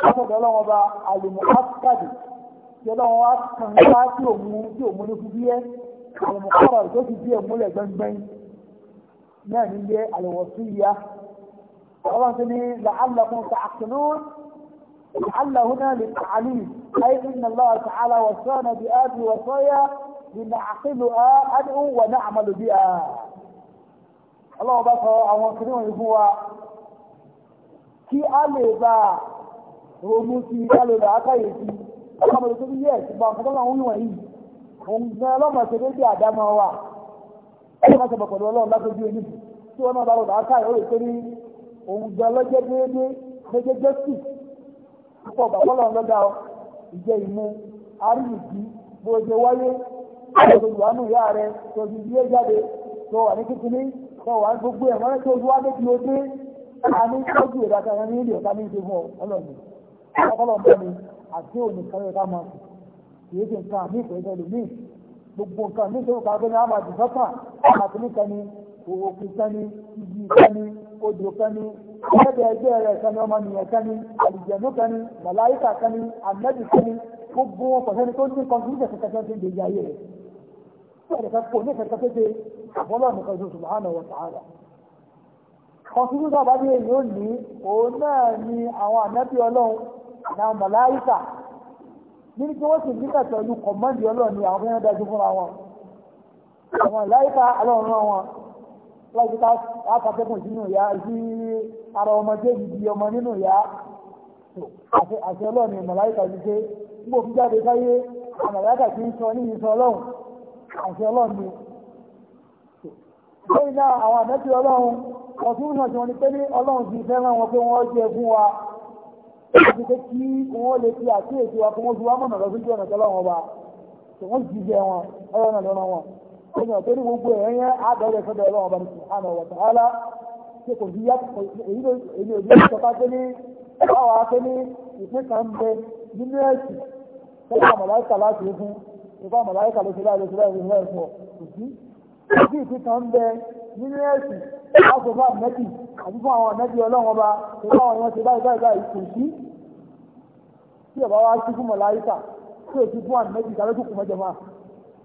látọ̀dọ̀ ọlọ́run ọba àlùmọ̀ áfíkàdì tí ọlọ́run wá kàn wá tí òun tí òun ní fún bíyẹ́ àlùmọ̀ kọ́rọ̀ tó ti bí ẹ̀múlẹ̀ gbẹ́ngbẹ́n náà ní ilé àlùwọ̀ sí ìyá ọlọ́run ti ní làálàkùn tààkùnún لعل هنا للتعليم أي إن الله تعالى وصانا بهذه الوصايا لنعقلها أدعو ونعمل بها الله بس àwọn kìnìún yìí fún wa kí a lè bá ronú sí ká lè rà ákàyè sí ọlọ́mọdé tó bí yẹ ṣùgbọ́n nǹkan tó ń wọ̀nyí òun gan ọlọ́mọ ṣe déédé àdámọ́ wa ẹni máa ṣẹ̀bọ̀ pẹ̀lú ọlọ́run látójú ẹni tí wọ́n náà bá lọ́dọ̀ ákàyè ó lè pé ní òun gan lọ́jẹ́ déédé méjèèjì púpọ̀ bàbọ́lọ̀ lọ́dà ìjẹ ìmú àríyìkí bó ṣe wáyé ìyá rẹ tó ti jáde tó wà ní tó wà ní gbogbo tó ojú a ní tọ́jú ní ilé ọ̀tá ní mi àti òní máa ṣe nǹkan àmì ìfẹ́ gbogbo nǹkan àmàdì odò kan ni ẹ̀ẹ́dẹ̀ ẹgbẹ́ rẹ̀ kan ni ọmọnìyàn kan ni àlùjẹ̀mú kan ni màláìkà kan ni ànábì kan ni gbogbo wọn kò sẹ́ni tó ní kọ́ńtúrúṣẹ̀ kankan tó ń gbé ìyá ayé rẹ̀ tí ẹ̀rẹ̀ kan kò ní kankan tó ṣe àbọ́lọ́ nìkan ṣoṣù subhanahu wa ta'ala kọ̀sùnú sábà ní èyí ó ní òun náà ni àwọn ànábì ọlọ́run àwọn màláìkà nínú tí wọ́n sì ní pẹ̀lú kọ̀mọ́ndì ọlọ́run ni àwọn fẹ́ràn dájú fúnra wọn àwọn màláìkà ọlọ́run náà wọn láti ká àtàkùn sínú ìyá sí ara ọmọdé ìdí ọmọ nínú ìyá àti ọlọ́ọ̀ni màláìkà ti ṣe gbogbo fi jáde sáyé àmàláìkà ti ń sọ ní ìsọ ọlọ́run àti ọlọ́ọ̀ni lórí náà àwọn àmẹ́tí ọlọ́run ọ̀tún náà tí wọ́n ni pé ní ọlọ́run ti fẹ́ràn wọn pé wọ́n jẹ fún wa láti pé kí wọ́n lè fi àkíyèsí wa fún oṣù wa mọ̀nà lọ sí ọ̀nà tọ́lọ́run ọba tí wọ́n jíjẹ wọn ọlọ́run náà lọ́rọ̀ wọn ẹ̀yìn àti gbogbo ẹ̀yìn yẹn àbẹ̀rẹ̀ sọ́dọ̀ ọlọ́run ọba subhanahu wa ta'ala ṣe kò sí yàtọ̀ èyí ló èyí ò ní sọ́ká pé ní báwa pé ní ìpín kan ń bẹ nínú ẹ̀sì tẹ́lá màláìkà láti fún ìfá màláìkà ló ṣe láì ló ṣe láì ló ṣe láì fọ̀ kò sí kò sí ìpín kan ń bẹ nínú ẹ̀sì láti fún àmẹ́tì àti fún àwọn àmẹ́tì ọlọ́run ọba tó bá wọn ṣe báyìí báyìí báyìí kò sí tí ọba wa ṣí fún màláìkà tí ò sí fún àmẹ́tì tàbí kò kù mẹ́jọ máa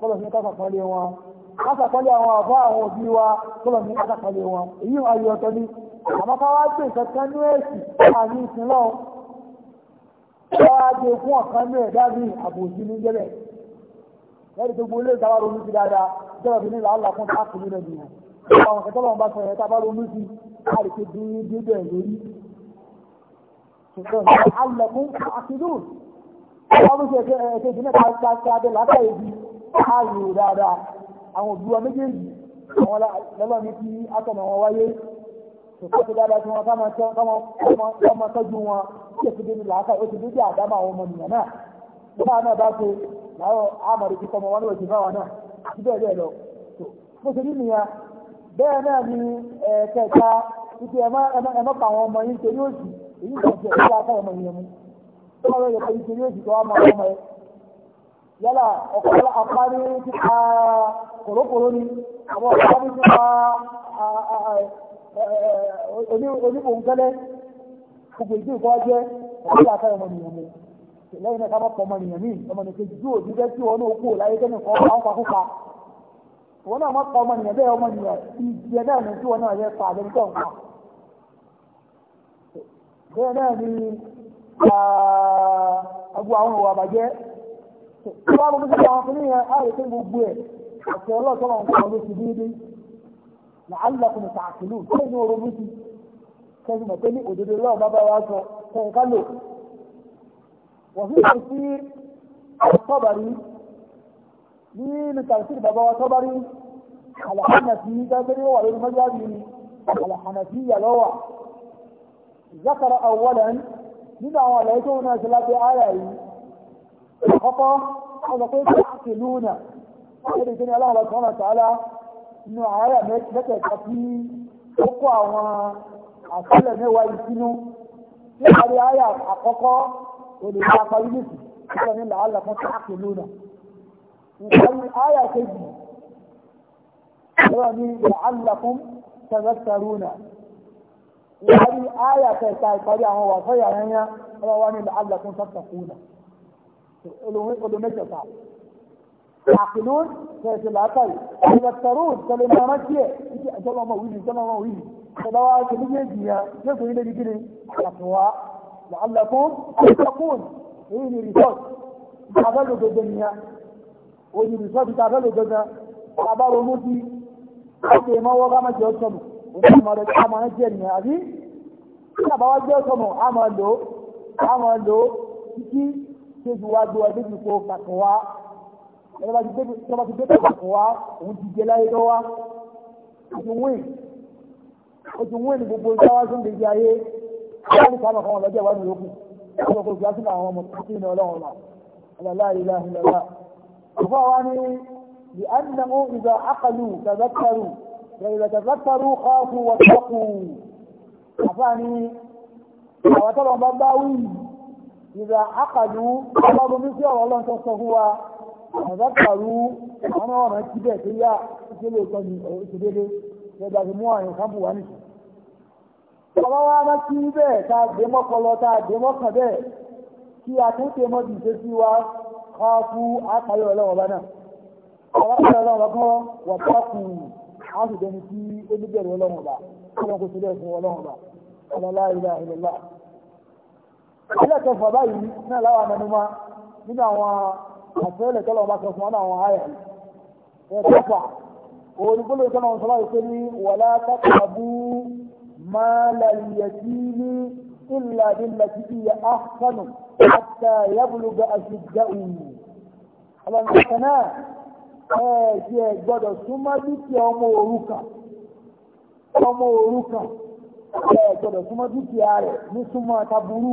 kọ́lọ̀ ní kásàkọ́lé wọn kásàkọ́lé àwọn àbá àwọn òbí wa kọ́lọ̀ ní kásàkọ́lé wọn èyí ayé ọ̀tọ̀ ni àmọ́ ká wá gbé ìkẹ́kẹ́ ní èsì àmì ìsinlọ́ wáá gbé fún ọ̀kan ní ẹ̀dá ní àbòsí ní jẹ́lẹ̀ lẹ́yìn tó gbogbo ilé ìdáwà ronú sí dáadáa jẹ́rọ̀ bí nílò àlà fún táàkì nínú ẹ̀dùn yẹn àwọn ọ̀kẹ́ tọ́lọ́run bá sọ ẹ̀ta bá ronú sí àrèké dúró débẹ̀ lórí ṣùgbọ́n alẹ́kùn àkìdùn ọlọ́run ṣe ẹ̀kẹ́ ìdílé káàkiri abẹ́ látàrí ààrù dáadáa àwọn òbí wa méjèèjì àwọn lọ́lọ́ ní kí átọ̀nà wọn wáyé ṣùgbọ́n dáadáa tí wọ́n ká tọ́jú wọn tí èsì débi làákà ó ti débi àdámà àwọn ọmọ nìyàn náà nígbà náà bá ṣe láwọn àmàrí kíkọ́ ọmọ wọn ní náà àti bẹ́ẹ̀ bẹ́ẹ̀ lọ. ṣe nìyà bẹ́ẹ̀ náà ni ẹ̀mọ́ pa àwọn ọmọ yìí nítorí èyí yálà ọ̀pọ̀ apárí nípa kòrókòró ni àwọn apárí nípa oníbòǹkẹ́lẹ́ gbogbo ìdí ìkọ́ jẹ́ ọ̀pọ̀ ìyá àtàrà ọmọ nìyàn mi lẹ́yìn náà kábọ̀ ọmọ nìyàn mi ọmọ nìyàn kejì yóò jíjẹ́ tí wọn náà kú láyé kẹ́ni kan àwọn pakúpa wọn náà mọ́ta ọmọ nìyàn bẹ́ẹ̀ ọmọ nìyàn ìjẹ náà ní tí wọn náà yẹ pa lẹ́nu tó ń pa bẹ́ẹ̀ náà ni gbogbo àwọn ìwà àbàjẹ́ tí wọ́n mú títí àwọn fúnni yẹn á rè pé gbogbo ẹ̀ àti ọlọ́ọ̀tọ́ náà ń kọ́ ló ti déédéé là á lọ kùnú tààkìlù tó ní orogún ti kẹ́sì mọ̀ pé ní òdodo lọ́wọ́ bá bá wa sọ kẹ́yìn ká wọ́n fi hàn sí àtọ́bàrí ní lùtàlùsílì bàbá wa tọ́bàrí àlàhànàfí dágbére wà lórí mọ́jáàbí ni àlàhànàfí yà lọ́wọ́ zakara awwalan nínú àwọn àlàyé tó wọn náà ṣe lábẹ́ áyà yìí الخطا او كيف تعقلون هذا الدنيا الله سبحانه وتعالى انه عيا متى كفي اقوى وانا اصلا ما هو يسينو هذه آية حقوقة ولما قلت اقوى من لعلكم تعقلون وقال آية كذي ورمي لعلكم تذكرون وهذه آية كذي قريعا وصيعا هنا ورمي لعلكم تتقون olùwìn mẹ́tẹ̀ẹ̀ta àpìlún fẹ̀sẹ̀ látàrí ẹ̀lẹ́tẹ̀rún tẹ̀lé máa rántí ẹ̀ ìdí àjọlọ ọmọ wíìlì ìjọlọ ọmọ wíìlì ẹ̀dá wa ṣe ní méjì yẹn lẹ́sọ ilé ní kíni àtùwá làálẹ̀kún ìtẹ̀kùn èyí ni rìsọ́ọ̀tì abẹ́lò gbogbo nìyẹn ó ní rìsọ́ọ̀tì tí abẹ́lò gbogbo abáró mú sí ọ̀pẹ̀ ìmọ̀wọ́ ká má jẹ́ ọ̀sọ̀nù òun máa rẹ̀ ká máa jẹ́ nìyẹn àbí tí àbáwá jẹ́ ọ̀sọ̀nù á máa lò ó á máa lò ó títí tó fi wá gbé wa débi kó kàkọ́ wá ẹ̀rọ ti débi kàkọ́ wá òun ti jẹ láyé lọ́wọ́ ó ti wíìn ó ti wíìn gbogbo ìdáwá sí ìdèjì ayé wọ́n ní sábà kan lọ́jọ́ ìwádìí yòókù wọ́n lọ́kọ̀ ìgbà sínú àwọn ọmọ tó kíni ọlọ́run là ọlọ́lá ìlà ìlọ́lá. Àfọ́ wa ní bí a ń nàmú ìgbà àkàlù tàzákàrù ìgbà kọ́ọ̀kù wọ́tọ́kù. Àfọ́ ni àwọn tọ́lọ̀ bá bá wí ìgbà àkàlù ọlọ́run bí sí ọ̀rọ̀ ọlọ́run tó sọ fún wa àbákàrú àwọn ọ̀rọ̀ ti bẹ̀ tó yá ìṣẹ̀lẹ̀ ìtọ́ ní ìṣèdédé lẹ́gbàá ti mú àrùn ìsáàbù wá nìṣẹ́. ọba wa má sí bẹ́ẹ̀ ta dé ta dé bẹ́ẹ̀ kí a tún ṣe mọ́ dìde sí wa ká fú àpáyọ̀ ọlọ́run ọba náà. ọba ọlọ́run ọba kan wà bá kù á sì dẹni tí ó ní bẹ̀rù ọlọ́run ẹlẹ́kẹfà báyìí náà láwọn amẹnumá nínú àwọn àtẹ́lẹ̀ tọ́lọ̀ ọba sọ fún wọn àwọn àyà ẹ̀kẹfà olùgbòlò tọ́lọ̀ ń sọ́lá ìpé ní wọ̀lá taqrabu malal yatimi illa billati hiya ahsanu hatta yabluga ashiddahu ọlọ́run kẹfẹ́ náà ẹ̀ ṣe gbọ́dọ̀ súnmọ́ dúkìá ọmọ òrukàn ọmọ òrukàn ẹ̀ gbọ́dọ̀ súnmọ́ dúkìá rẹ̀ ní súnmọ́ taburú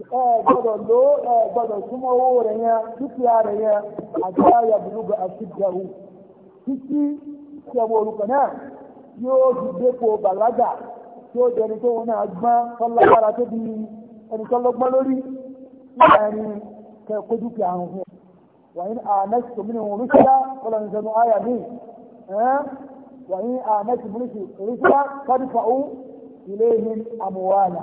ẹ gbọ́dọ̀ lò ó ẹ gbọ́dọ̀ súnmọ́ owó rẹ̀ yẹn dúkìá rẹ̀ yẹn àti àyà bùrúgbà àti ìjẹun títí tí ọmọ olùkọ́ náà yóò fi dépò bàlágà tí ó dẹni tó wọn náà gbọ́n tọ́lágbára tó di ẹni tọ́lọ́gbọ́n lórí láàrin kẹ́kọ́ dúkìá àrùn fún wàyí àmẹ́sìtò mí wọn rúṣíà kọ́lọ̀ ní sẹ́nu àyà mi wàyí àmẹ́sìtò mí ni wọn rúṣíà kọ́dífà ilé ìhìn àmúwàlà.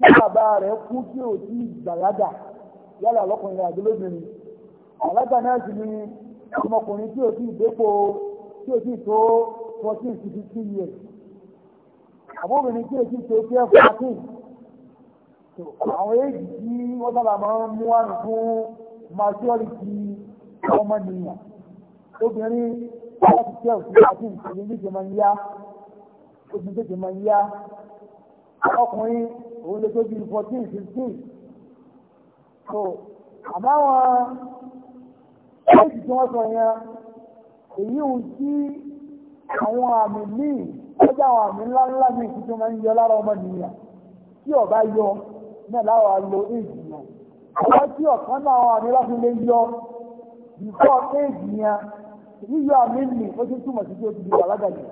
bí bàbá rẹ̀ kú tí ò tí gbàyàdà yálà lọ́kùnrin àti lóbìnrin àlágbà náà sì ni ọmọkùnrin tí ò tí ìdépò tí ò tí tó fourteen to fifteen years àbúròbìnrin tí ò tí tó tí ẹ fourteen àwọn èjì tí wọ́n sábà máa ń mú àrùn fún majority ọmọnìyàn obìnrin láti tẹ́ òfin àti ìṣẹ̀lẹ̀ ní ìṣẹ̀mọ̀ ń yá obìnrin tó ṣe máa ń yá ọkùnrin òun lè tó bí fourteen fifteen so àbáwọn ẹ̀sì tí wọ́n sọ yẹn èyí ò sí àwọn àmì míì ọjọ́ àwọn àmì ńláńlá ní ìfúnṣe máa ń yọ lára ọmọ nìyàn tí ọba yọ náà láwọn àlò éèdì yẹn àwọn tí ọ̀kan náà àwọn àmì láti lè yọ bìfọ́ éèdì yẹn yíyọ àmì nì ó ti túmọ̀ sí pé ó ti di bàlágà yẹn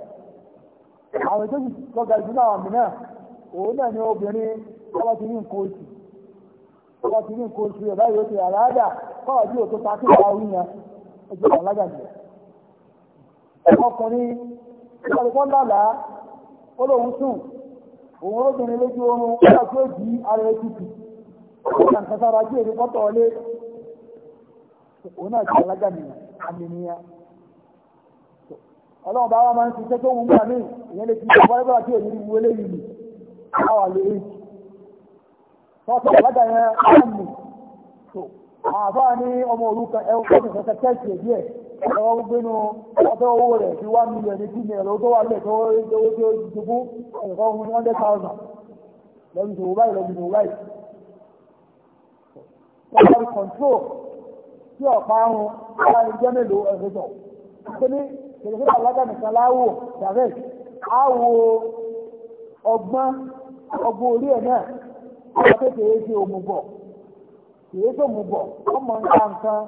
àwọn ètò ìtọ́ga ìdúná àmì náà òun náà ni obìnrin ọba ti rí nǹkan oṣù ọba ti rí nǹkan oṣù ẹ̀ báyìí ó ti àlàádà kọ́ọ̀ bí òtún ta kí ọ̀la orí yẹn ẹgbẹ́ ọkùnrin ìpàdépọ̀ ó lóun sùn òun obìnrin lójú oorun ara ẹ tutù sára òun náà ti ọlọ́run bá wa máa ń ṣiṣẹ́ tó ìyẹn lè àwọn àlèrè wọ́n sọ àlága yẹn áàmì tó àbá ní ọmọ òrukàn ẹwọ kọ́sì kẹsẹ̀ kẹ́sì èdí ẹ̀ ẹwọ gbénu ọjọ́ owó rẹ̀ sí wá mílíọ̀nù ní kí ni ẹ̀rọ tó wà lẹ̀ tó owó tó dùgbú ẹ̀kọ́ ohun ní hundred thousand lẹ́yìn tó wáyé lẹ́yìn tó wáyé. wọ́n bá rí kọ̀ǹtró tí ọ̀pá ahun wọ́n ní jẹ́ mélòó ẹ̀rọ tó. kí ni kèrèkèrè àlága nìkan láwò ọgbọ́n ọgbọ́n orí ẹ̀ náà ọ̀rọ̀ pé kèé ṣe òmùgọ̀ kèé ṣe òmùgọ̀ ọmọ nǹkan nǹkan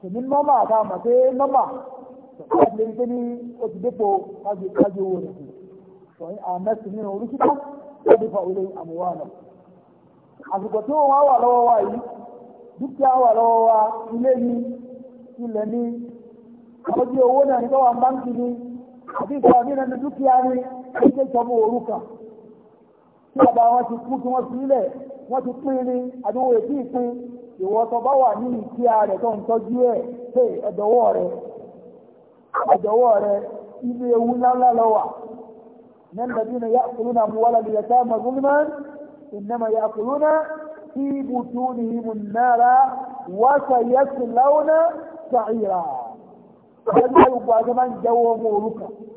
tèmi nọ́mà àbá àmọ̀ pé nọ́mà láti lè rí pé ní o ti dépò kájú kájú owó rẹ̀ sọ ní àmẹ́sì nínú oríṣìíká lọ́dún fa ilé àmúwá náà àsìkò tí wọ́n wà lọ́wọ́ wa yìí dúkìá wà lọ́wọ́ wa ilé ní ilẹ̀ ní ọjọ́ owó náà ní báwa báńkì ní àbí ìfọwọ́ nínú dúkìá ní ẹgbẹ́ ìsọmọ òrukàn tí bàbá wọn ti kú kí wọ́n sílẹ̀ wọ́n ti pín ní àdúgbò ètí ìpín ìwọ tó bá wà ní ìkíá rẹ̀ tó ń tọ́jú ẹ̀ pé ẹ̀dọ̀wọ́ rẹ̀ ẹ̀dọ̀wọ́ rẹ̀ ilé ewu ńláńlá lọ wà nẹ́ẹ̀dẹ́bí na ya'kuluna amwala al-yatama zulman innama ya'kuluna fi butunihim an-nara wa sayaslawna sa'ira. Ẹgbẹ́ ìgbà tó máa ń jẹ́wọ́ ọmọ òrukàn.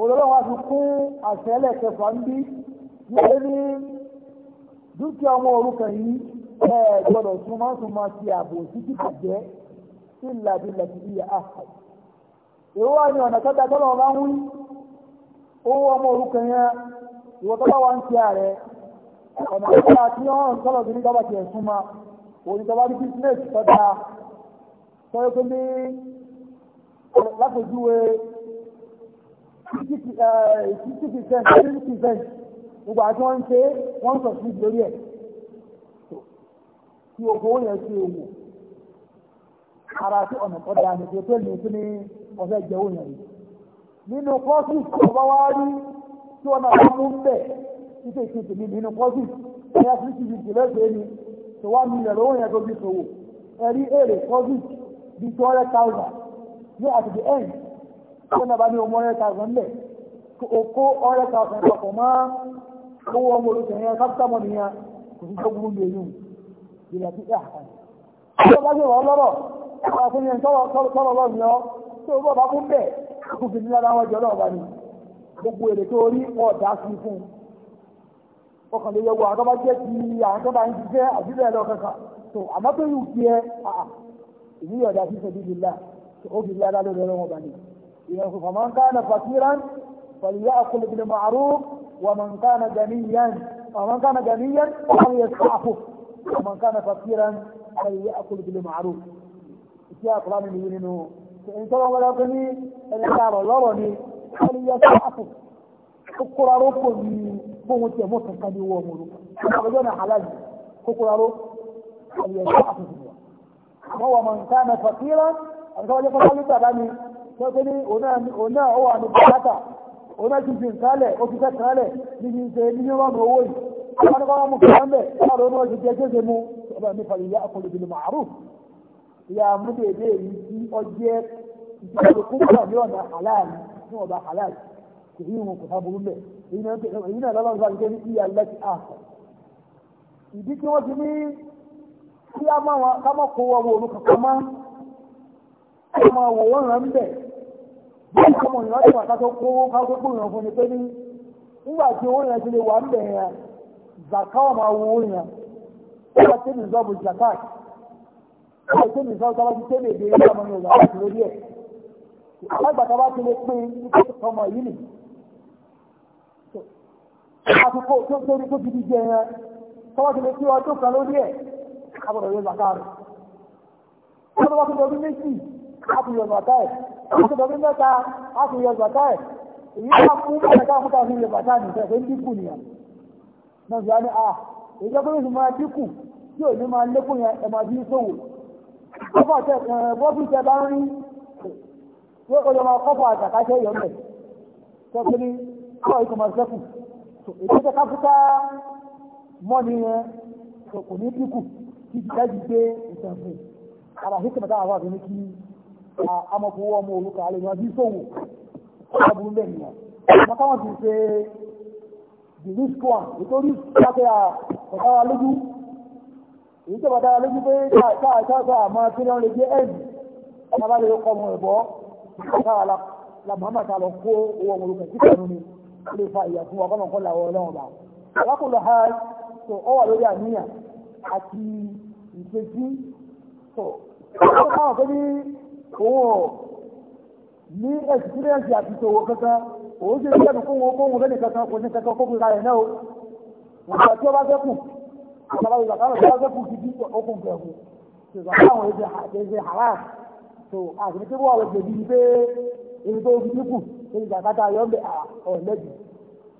olólùwà ti kún àṣẹlẹ̀ kẹfà ń bí wọ́n ní dúkìá ọmọ orúkọ yìí ẹ gbọ́dọ̀ súnmọ́ súnmọ́ sí ààbò títí bàjẹ́ sí ìlàbílà ti di àhà èwo wà ní ọ̀nà kẹta tọ́lọ̀ ọ̀la ń wí owó ọmọ orúkọ yẹn ìwọ tọ́lọ̀ wà ń ṣe ààrẹ ọ̀nà kẹta tí wọ́n ń tọ́lọ̀ sí ní tọ́ba tiẹ̀ súnmọ́ òní ní bísínẹ́sì tọ́da tọ́yọ́ tó ní lápèjúwe sixty percent seventy percent gbogbo àti wọ́n ń ṣe wọ́n sọ sí lórí ẹ̀ tí oko ó yẹn ṣe òwò ara sí ọ̀nà ọ̀dà àmì tó ní kí ni ọ̀fẹ́ jẹ́ òwò yẹn nínú kọ́sì ọba wa rí tí wọ́n náà mú ń bẹ̀ títí ìṣètò mi nínú kọ́sì ẹ̀yà sí ti di ìlẹ́gbẹ̀ẹ́ ni tó wá mi lẹ̀rọ òwò yẹn tó fi ṣòwò ẹ̀rí èrè kọ́sì bíi two hundred thousand ní at the end ó nàbà ní ọmọ ọ̀rẹ́ tààsán lẹ̀ kó ọ̀rẹ́ tààsán papọ̀ mọ́ owó ọmọ olùsọ yẹn kápítàmọ̀ nìyẹn kò sí gbogbo ń lèyìn ìlà tí ẹ̀ àkàn. ó bá gbé wọn lọ́rọ̀ ọ̀rọ̀ fún yẹn tọ́rọ̀ lọ́rùn lọ tó bọ́ bá fún bẹ́ẹ̀ kó fi nílá láwọn jọ náà bá ní gbogbo èrè tó rí ọ̀dà sí fún ọkàn lè yọgbọ àwọn tó bá jẹ́ ti àwọn tó bá ń ṣiṣẹ́ àbí bẹ́ẹ̀ lọ kankan tó àmọ́ tó yù kí ẹ ìníyọ̀dà sí sẹ́bí lílá ó fi lílá lórí ọlọ́wọ́n bá ní. إذا فمن كان فقيرا فليأكل بالمعروف ومن كان جنيا ومن كان جنيا فليستعفف ومن كان فقيرا فليأكل بالمعروف في أقرام الدين إن شاء الله لقني إن شاء الله فليستعفف شكرا روح من بوت يموت كان هو حلال شكرا روح فليستعفف ومن كان فقيرا فليستعفف. tọ́pẹ́ ní ọ̀nà ó wà ní bàtà ọ̀nà ti fi nkálẹ̀ ó fi kẹ́kànlẹ̀ níbi ìṣe ní mílíọ̀nù owó yìí àwọn ọmọ mú kàn bẹ̀ ọ̀rọ̀ ọmọ ti jẹ́ jẹ́ mú ọba mi fa ìyá akọlù bìnnì màrú ìyá múlẹ̀ èdè yìí tí ọ jẹ́ ìṣàlùkù kúrò ní ọ̀nà àláàlì ní ọba bí ọmọ ìyàn ti wà kátó kówó kátó kó ìyàn fún ni pé ní nígbà tí owó yẹn ti lè wà ń bẹ̀ yẹn zaka ọmọ awo owó yẹn ó wà tẹ́lẹ̀ zọ́ọ̀bù zakat ó wà tẹ́lẹ̀ zọ́ọ̀bù tó bá ti tẹ́lẹ̀ èdè yẹn ọmọ yẹn zakat lórí ẹ̀ alágbàtà bá ti lè pín ní kókò ọmọ yìí nì àtúkò tó tóri tó gidi jẹ yẹn tọ́wọ́ ti lè pín ọdún kan lórí ẹ̀ kábọ̀dọ̀ yóò zakat àti ìdọ̀bí mẹ́ta a sì yọ bàtà ẹ̀ èyí wá fún mẹ́ta fún káfí yọ bàtà ní ìfẹ́ ń dínkù nìyà náà sì wá ní à ah, èyí jẹ́kọ́ yóò máa dínkù tí ò ní máa lékún yẹn ẹ̀ máa bí sòwò kọ́pọ̀ tẹ bọ́ọ̀bù tẹ bá ń rí pé ó yọ máa kọ́pọ̀ àtàkáṣẹ́ yọ mẹ́ sọ́kú ní kọ́ ikọ̀ máa sẹ́kù èyí jẹ́ káfíńtà mọ́ ni yẹn kò ní dínkù kí ìdájí gbé ìtàn fún àrà híkìmọ̀tà àwọn àbẹ̀mí kí Ah, àmọ́ fowó ọmọ òrùka lè yan bí sòwò ọ̀bùrú lẹ́nu yẹn àmọ́ káwọn ti ṣe the risk one nítorí pàṣẹ àtàrà lójú èyí tó bàtàrà lójú pé káàkáà àmọ́ kí lọ́n lè jẹ́ ẹ̀dì ọmọdé lè kọ́ ọmọ ẹ̀bọ́ káà la Muhammad ta lọ kó owó ọmọ òrùka sí kànú ni ó lè fa ìyà fún wa kọ́nà kọ́ làwọn ọlọ́run bá alákòlò ha tó ọ wà lórí àníyàn àti ìṣesí owó ní ẹ̀sìkírẹ́ǹsì àti ìṣòwò kankan òun ṣe ṣẹ́nu kó wọn kó wọn lẹ́nu kankan kò ní kankan kó kúra ẹ̀ náà o ìgbà tí ó bá fẹ́ kù ìgbàlá ìgbà kan tó bá fẹ́ kù gidi okùn kẹ̀kù ìgbà táwọn èdè hàrá tó àgbẹ̀ tí wọ́n wọ̀ gbèdì pé èyí tó fi dínkù èyí gbàgbàtà yọ̀ ọ́ ọ̀lẹ́dì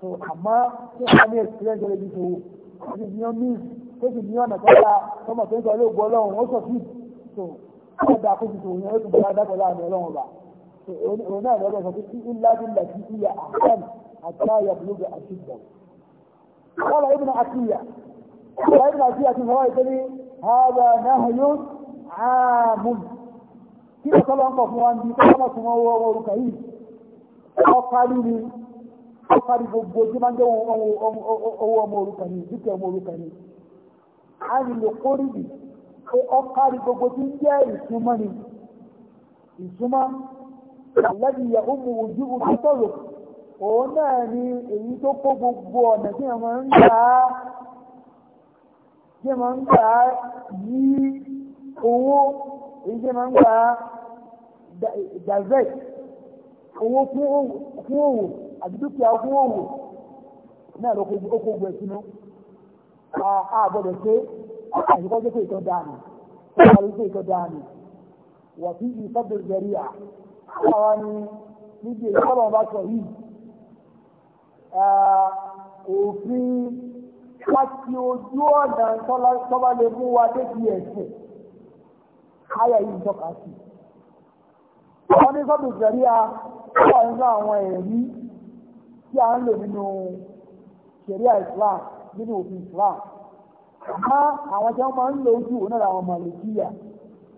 tó àmọ́ tí wọ́n ní ẹ̀sìkírẹ́ǹsì lè ní ọ́ ó sì ní ọ̀nà tó ọ̀dà àkójútó òun ó ti gba adákọ̀ láàrin ọlọ́run ọba òun náà lọ́dọ̀ sọ pé kí ńlá bí ńlá kí ìyá àkàn àti àyà bùlógà àti ìgbà. Kọ́lá ibùn Àkíyà, kọ́lá ibùn Àkíyà ti sọ wáyé pé ní Hábà náà yóò ààmù. Kí ni ọ̀sán lọ ń pọ̀ fún wa ń bí kọ́lá náà fún ọwọ́ ọwọ́ orúkọ yìí? Ọ parí ni, ọ parí gbogbo tí máa ń jẹ́ owó ọmọ orúkọ yìí, dúkìá ọmọ orúkọ yìí. A nílò kórìbì pé ọkárí gbogbo tí ń jẹ́ ìsúnmọ́ ni ìsúnmọ́ lẹ́bi yẹ̀hún mu ojú ojú tọ̀rọ̀ òun náà ni èyí tó kó gbogbo ọ̀nà tí ẹ̀ ń gbà á tí ẹ̀ ń gbà á yí owó èyí tí ẹ̀ ń gbà á dazek owó fún òwò àti fún òwò náà ló kó gbogbo ẹ̀ sínú àgbọ̀dọ̀ ṣe é àyíkọ́ jẹ́ pé ìtọ́ dáàmì ọ̀rọ̀ jẹ́ ìtọ́ dáàmì wọ̀ sí ìfọ́dọ̀ ìgbẹ̀rí à ọ̀rọ̀ ni níbi èyí tọ́lọ̀ bá sọ yìí òfin láti ojú ọ̀nà tọ́lá lè mú wa débi ẹ̀sìn káyà yìí tọ́ka sí wọ́n ní sọ́dọ̀ ìgbẹ̀rí à wọ́n nínú àwọn ẹ̀rí tí a ń lò nínú ṣẹ̀ríà Islam nínú òfin Islam Àmọ́ àwọn tí wọ́n máa ń lo ojú òun náà àwọn màlìkíyà.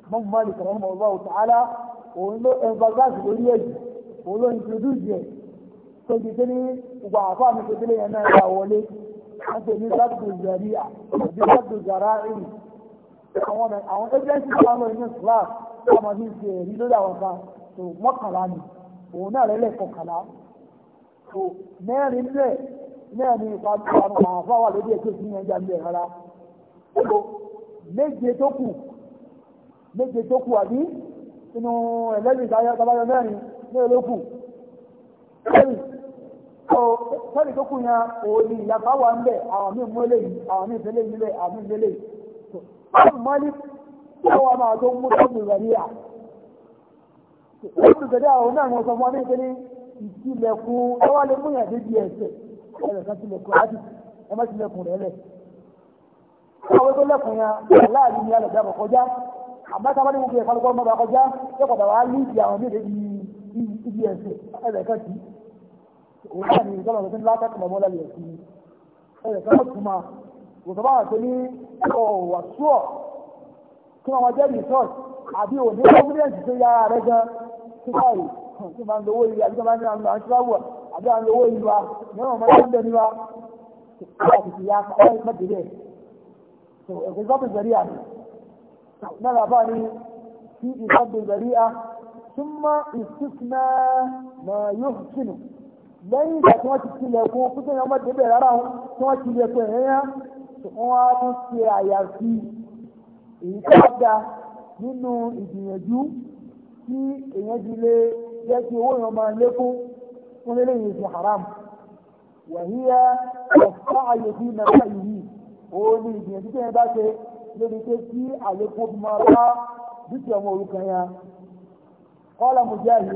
Mọ́ mú màlìkà wọn mọ̀ bá òtà alá, òun ló emphasize lórí ẹ̀jù, òun ló introduce ẹ̀. Tó ti ṣe ní ìgbà àfáà mi ṣe délé yẹn náà yà wọlé. Wọ́n ṣe ní Sábdù Zaria, àbí Sábdù Zara'i. Àwọn àwọn agency tó wà lọ inú Slav, wọ́n máa fi ṣe èrí lórí àwọn kan. So mọ́kànlá ni, òun náà lẹ́lẹ̀ kọkànlá. So mẹ́rin lẹ̀ náà ni ìpàdé àwọn àwọn wà lórí ẹ̀kẹ́ sí yẹn jáde rárá kó méje tó kù méje tó kù àbí inú ẹlẹ́rìn tabayọ mẹ́rin ní olókù ẹlẹ́rìn sọ́ọ̀rì tó kù yẹn òní ìyàpá wà ń bẹ̀ àwọn míì mú eléyìí àwọn míì fẹ́lẹ́ yìí bẹ̀ àwọn míì fẹ́lẹ́ yìí. ọ̀hún mọ́lí táwọn ọmọ àti ohun mú tọ́jú rẹ̀ níyà. ó ti gbẹ̀dẹ̀ àwọn náà wọ́n sọ fún ọdún ìpínlẹ̀ ìtìlẹ̀kùn ẹwà lè mú yàn débi ẹ̀sẹ̀ ẹ̀rẹ̀ kan tilẹ̀kùn rẹ̀ àwọn tó lẹ́kùn yẹn láàrin ní alẹ̀ dábọ̀ kọjá àmọ́ tá a bá ní gbogbo ìfọlùkọ́ ọmọdé kọjá yóò padà wá ní ìdí àwọn méje ní ibi ẹ̀sẹ̀ ẹ̀rẹ̀ kan tì òun náà ní ìjọba ọ̀sẹ̀ ńlá kẹ́kọ̀ọ́ mọ́ lálẹ́ ẹ̀sìn ẹ̀rẹ̀ kan tù máa òṣùpá wà tó ní ọ̀wà sùọ̀ kí wọ́n jẹ́ resort àbí òní confidence tó yára rẹ̀ gan tí báyìí tí máa ń lówó ìlú àbí máa ń lọ àwọn tíráwọ̀ àbí àwọn lówó ìlú wa ní ọmọ ọmọdé ń bẹ níwá to iqabatu zari'a ne na lafa ne fi iqabatu zari'a thumma istisna ma yuhsinu lẹ́yìn ìgbà tí wọ́n ti tilẹ̀kùn kúté ní ọmọdé bẹ̀rẹ̀ rárá wọn tí wọ́n ti lè pè é yẹn wọ́n á tún ṣe àyàfi èyí tó bá da nínú ìgbìyànjú tí èèyàn ti lè jẹ́ kí owó yẹn máa lékún fún eléyìí ti haram wàhíyá ọ̀pá àyèfí nàkà yìí òun ni ìgbìyànjú tí wọ́n bá ṣe lórí pé kí àlékún fi máa bá dúkìá ọmọ òrukàn yẹn kọ́lá Mujahid